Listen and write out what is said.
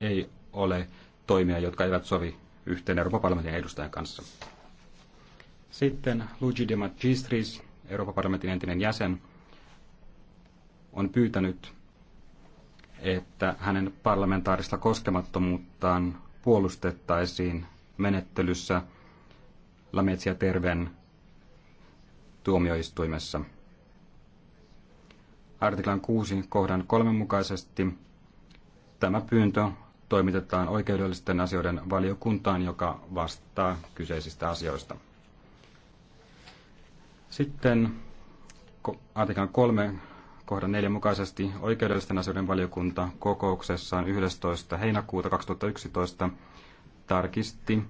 ei ole toimia, jotka eivät sovi yhteen Euroopan parlamentin edustajan kanssa. Sitten Luigi de Magistris, Euroopan parlamentin entinen jäsen, on pyytänyt, että hänen parlamentaarista koskemattomuuttaan puolustettaisiin menettelyssä Lametsia Terven tuomioistuimessa. Artiklan 6 kohdan 3 mukaisesti tämä pyyntö toimitetaan oikeudellisten asioiden valiokuntaan, joka vastaa kyseisistä asioista. Sitten artikan 3 kohdan 4 mukaisesti oikeudellisten asioiden valiokunta kokouksessaan 11. heinäkuuta 2011 tarkisti